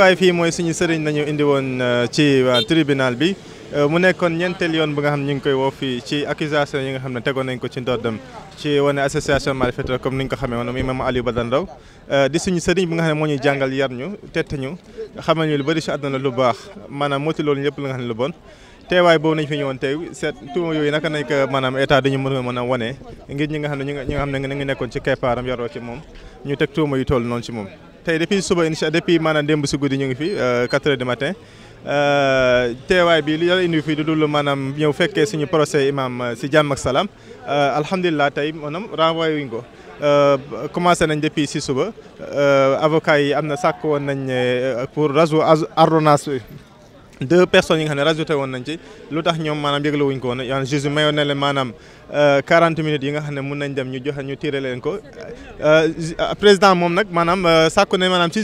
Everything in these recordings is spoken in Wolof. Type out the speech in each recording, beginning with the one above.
waaye fii mooy suñu sëriñ nañu indi woon euh, ci euh, bi euh, mu nekkoon ñeenteel yoon bu nga xam ñu ngi koy woo fii ci accusation yi nga xam ne tegoon nañ ko ci ndoddam ci wane association malfaiteur comme ni ñu ko xamee woon muy maam Aliou Badara Ndao di suñu sëriñ bu nga xam ne moo ñuy jàngal yar ñu tette ñu xamal ñu lu bëri ci àdduna lu baax maanaam mooti loolu ñëpp la nga xam ne lu bon teewaay boobu nañ fi ñëwoon tey seet tuuma yooyu naka nañ ko maanaam dañu mën a mën a wane ngir ñi nga xam ne ñu nga xam ne ngi nekkoon ci keppaaram yaroo ci moom ñu teg tuuma yu toll noonu ci moom tey depuis suba incha depuis maanaam démb si guddi ñu ngi fi 4 euh, heures du matin euh, teewaay bi li yàlla indi fii du dul maanaam ñëw fekkee suñu procès imam euh, si jàmm ak salaam alhamdulilah tey maanaam renvoyé wuñ ko. commencé nañ depuis si suba avocat yi am na sàkk woon nañ pour rajo ordonnance deux personnes yi nga xam ne rajouté woon nañ ci lu tax ñoom maanaam yëgle wuñ ko woon yoon Jésus mayoon na leen maanaam 40 euh, minutes yi nga xam ne mun nañ dem ñu joxe ñu tiré leen ko euh, président moom nag maanaam euh, sàkku ne maanaam ci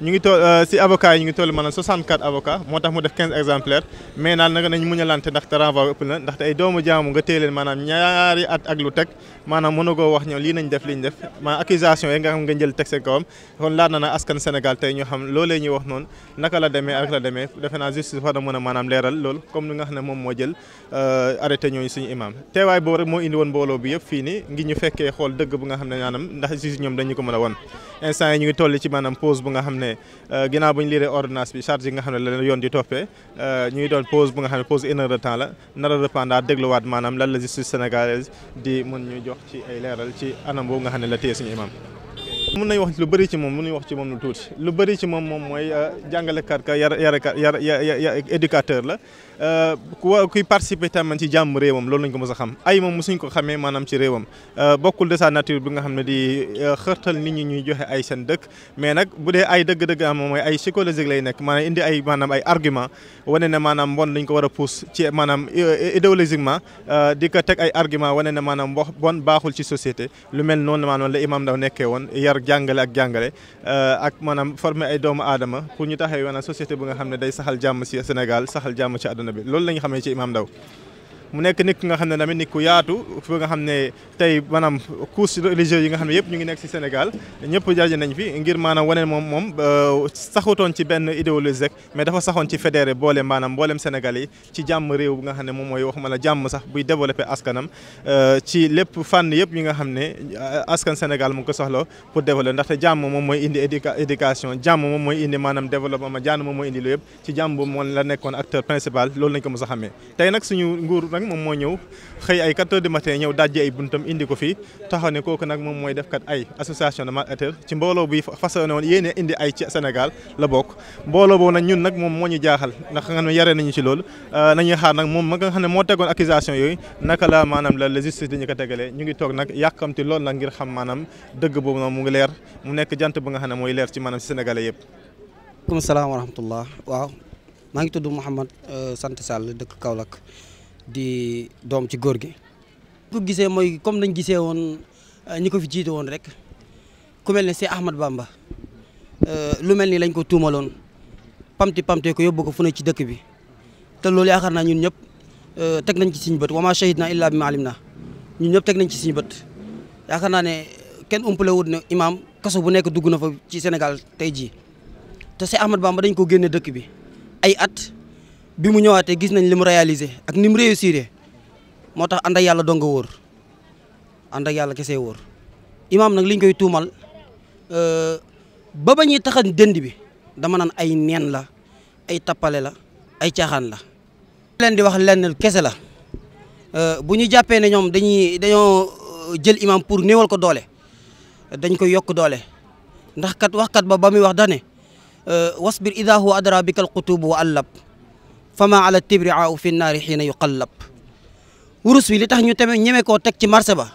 ñu ngi toll si avocat yi ñu ngi toll maanaam 64 avocats moo tax mu def 15 exemplaires mais naan nag nañ muñalante ndax renvoi ëpp na ndaxte ay doomu jaamu nga téye leen maanaam ñaari at ak lu teg maanaam mënagoo wax ñoom lii nañ def liñ def maanaam accusation yi nga xam nga jël teg seen kawam na na askan Sénégal tey ñu xam loolee ñuy wax noonu naka la demee ak la demee defe naa justice war na mën maanaam leeral loolu comme ni nga xam ne moom moo jël euh, arrêté ñooñu suñu imam teewaay boobu rek moo indi mbooloo bi yëpp fii nii ngi ñu fekkee xool dëgg bu nga xam ne maanaam ndax justice ñoom dañu ko mën a won instant yi ñu ngi toll ci maanaam pause bu nga xam ne euh, ginnaaw bu ñu liiree ordonnance bi charge nga xam ne la yoon di toppee euh, ñu doon pause bu nga xam ne pause une heure de temps la nar a rependaat dégluwaat maanaam lan la justice mën nañ wax lu bëri ci moom mën nañ wax ci moom lu tuuti lu bëri ci moom moom mooy euh, jàngalekat ka yar yarkat yar éducateur la euh, ku kuy participer tamit ci jàmm réewam loolu lañ ko mës a xam ay moom mosuñ ko xamee maanaam ci réewam euh, bokkul de sa nature bi nga xam ne di xërtal nit ñi ñuy joxe ay seen dëkk mais nag bu dee ay dëgg-dëgg am moom mooy ay psychologique lay nekk maanaam indi ay maanaam ay argument wane ne maanaam mbon lañ ko war a pousse ci maanaam idéologiquement di ko teg ay argument wane ne maanaam bon baaxul ci société lu mel noonu maanaam woon yar jàngale ak jàngale euh, ak maanaam former ay doomu aadama pour ñu taxawee maanaam société bu nga xam ne day saxal jàmm ci Sénégal saxal jàmm ci àdduna bi loolu la xamee ci Imam Ndao mu nekk nit ki nga xam ne tamit nit ku yaatu fi nga xam ne tey maanaam couches yi nga xam ne yëpp ñu ngi nekk si Sénégal ñëpp jaje nañ fi ngir maanaam wane moom moom euh, saxutoon ci benn idéologie rek mais dafa saxoon ci fédéré boole maanaam mboolem Sénégal yi ci jàmm réew bi nga xam ne moom mooy waxuma la jàmm sax buy développé askanam euh, ci lépp fànn yëpp yi nga xam ne euh, askan Sénégal mu ko soxla pour développer ndaxte jàmm moom mooy indi éducation jàmm moom mooy indi maanaam développement jàmm moom mooy indi lu yëpp ci jàmm moom la nekkoon acteur principal loolu lañ ko mos a xamee tey nag nag moom moo ñëw xëy ay 4 heures du matin ñëw dajji ay buntam indi ko fii taxaw ne kooku nag moom mooy def kat ay association de malfaiteurs ci mbooloo bi façon woon yéene indi ay ci Sénégal la bokk mbooloo boobu nag ñun nag moom moo ñu jaaxal ndax nga xam ne yare nañu ci loolu euh, nañuy xaar nag moom ma nga xam ne moo tegoon akisation yooyu naka la maanaam la la justice ko tegalee ñu ngi toog nag yàkkamti loolu nag ngir xam maanaam dëgg boobu noonu mu ngi leer mu nekk jant bu nga xam ne mooy leer ci maanaam ci Sénégalais yëpp salaam wa rahmatullah waaw maa ngi tudd Mouhamed euh, sant Sall dëkk Kaolack di doom ci góor gi. ko gisee mooy comme dañ gisee woon euh, ñi ko fi jiite woon rek ku mel ne Cheikh Ahmad Bamba euh, lu mel ni lañ ko tuumaloon pamti pamte ko yóbbu ko fu ne ci dëkk bi te loolu yaakaar naa ñun ñëpp euh, teg nañ ci suñu bët wama shahid naa illaa bi ma alim naa ñun ñëpp teg nañ ci suñu bët yaakaar naa ne kenn umpale wut na imaam kaso bu nekk dugg na fa ci senegal tey jii te Cheikh Ahmad Bamba dañ ko génne dëkk bi ay at. bi mu ñëwaatee gis nañ li mu réalisé ak ni mu réussir moo tax ànd ak yàlla dong wóor ànd ak yàlla kese wóor imaam nag liñ koy tuumal ba ba ñuy taxañ dënd bi dama naan ay neen la ay tappale la ay caaxaan la. leen di wax lenn kese la bu ñu jàppee ne ñoom dañuy dañoo jël imaam pour néewal ko doole dañ koy yokk doole ndax kat waxkat ba ba muy wax dane wasbir idaa huwa adra bikal qutuub wa allab fama ala tibri aaw fi naari xiina yu qallab wurus bi li tax ñu tamit ñeme koo teg ci marché ba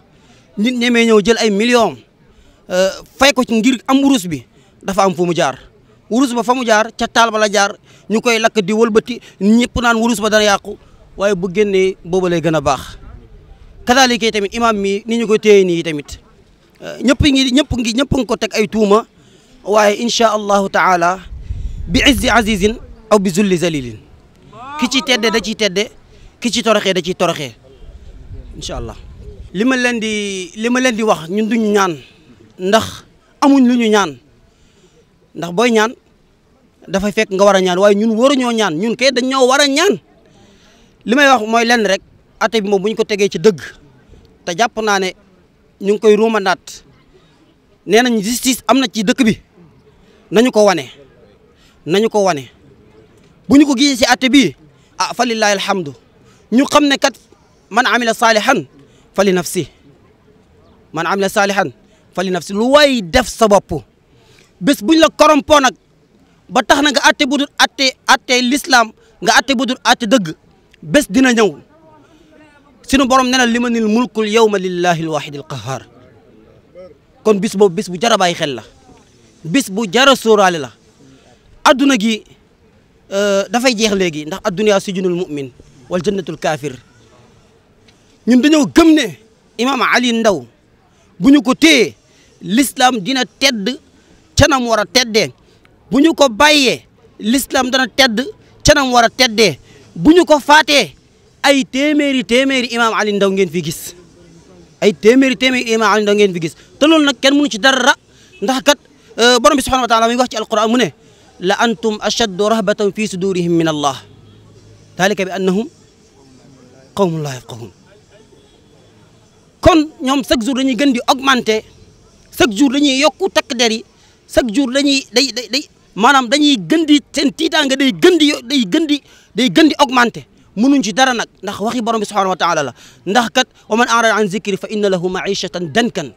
nit ñemee ñëw jël ay millions euh, fay ko ci ngir am wurus bi dafa am fu mu jaar wurus ba fa mu jaar ca taal ba la jaar ñu koy lakk di wëlbati ñëpp naan wurus ba dana yàqu waaye bu génnee booba lay gën a baax kadaalika tamit imaam mi ni ñu koy téye nii tamit euh, ñëpp ngi ñëpp ngi ñëpp ngi ko teg ay tuuma waaye incha allahu taala bi izzi azizin aw bi zulli zalilin ki ci tedde da ciy tedde ki ci toroxee da ciy toroxe incha allah. li ma leen di li ma leen di wax ñun duñu ñaan ndax amuñ lu ñu ñaan ndax booy ñaan dafay fekk nga war a ñaan waaye ñun waruñoo ñaan ñun kay dañ ñoo war a ñaan li may wax mooy lenn rek ate bi moom bu ñu ko tegee ci dëgg te jàpp naa ne ñu ngi koy ruumandaat nee nañ justice am na ci dëkk bi nañu ko wane nañu ko wane bu ñu ko gisee ci ate bii ah fa lillahi alhamdu ñu xam ne kat man amila saalihan fa li nafsi man amila saalihan fa li nafsi lu waay def sa bopp bés buñ la corrompoo nag ba tax na nga atte budul atte l'islam nga atte budul atte dëgg bés dina ñëw sunu borom nee na li ma nil mulkul yawma lillahi alwahid alqahar kon bis boobu bis bu jar a bàyyi xel la bis bu jar a la adduna gi Euh, dafay jeex léegi ndax adduniyaa sijunul mu'min wal jannatul kaafir ñun dañoo gëm ne imaam Ali Ndaw bu ñu ko tee l'islam dina tedd canam war a teddee bu ñu ko bàyyee l'islam dana tedd canam war a teddee bu ñu ko faatee ay temeeri téeméeri imaam Ali Ndaw ngeen fi gis ay téeméeri téeméeri imaam Ali Ndaw ngeen gis te loolu nag kenn mënu ci dara ndax kat euh, borom bi subhanahu wa taala mi ngi wax mu ne la antum ashaddu rahbatan fi sudurihim min allah dalika bi annahum qawmun laa yafqahun kon ñoom chaque jour dañuy gën di augmenter chaque jour dañuy yokku takk der yi chaque jour dañuy day day day maanaam dañuy gën di seen tiitaanga day gën di day gën di day gën di augmenter mënuñ ci dara nag ndax waxi borom bi subhanahu wa taala la ndax kat wa man arada an zikri fa inna lahu maishatan kan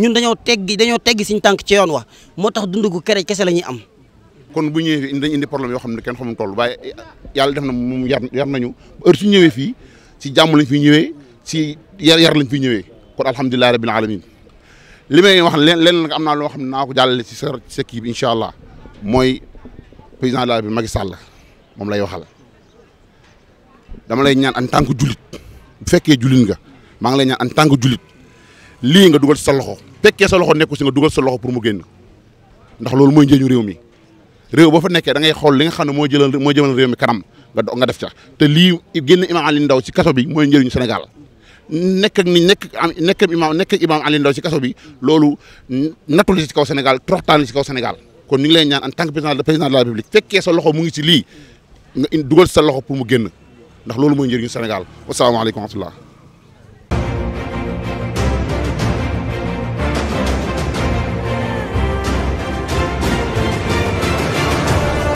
ñun dañoo teggi dañoo teggi suñ tànk ci yoon wa moo tax dundu gu kere kese la ñuy am kon bu ñëwee fi dañ indi problème yoo xam ne kenn xamul toll waaye yàlla def na moom yar yar nañu heure su ñëwee fii si jàmm lañ fi ñëwee si yar yar lañ fi ñëwee kon alhamdulilah rabbil alamin li may wax leen leen nga am naa loo xam ne naa ko jàllale si sa sa kii bi incha allah mooy président de la République Macky moom lay waxal dama lay ñaan en tànk que jullit bu fekkee jullit nga maa ngi lay ñaan an tant julit lii nga dugal sa loxo fekkee sa loxo nekku si nga dugal sa loxo pour mu génn ndax loolu mooy njëriñu réew mi. réew boo fa nekkee da ngay xool li nga xam ne moo jëlal moo jëmal réew mi kanam nga nga def ca te lii génn imaam Alioune Ndao ci kaso bi mooy njëriñu Sénégal nekk ak ni nekk nekk imaam nekk imaam Alioune Ndao ci kaso bi loolu nattul ci kaw Sénégal troxtaan ci kaw kon ñu ngi lay ñaan en tant que président président de la République fekkee sa loxo mu ngi ci lii nga dugal sa loxo pour mu génn ndax loolu mooy njëriñu Sénégal wasalaamaaleykum wa rahmatullah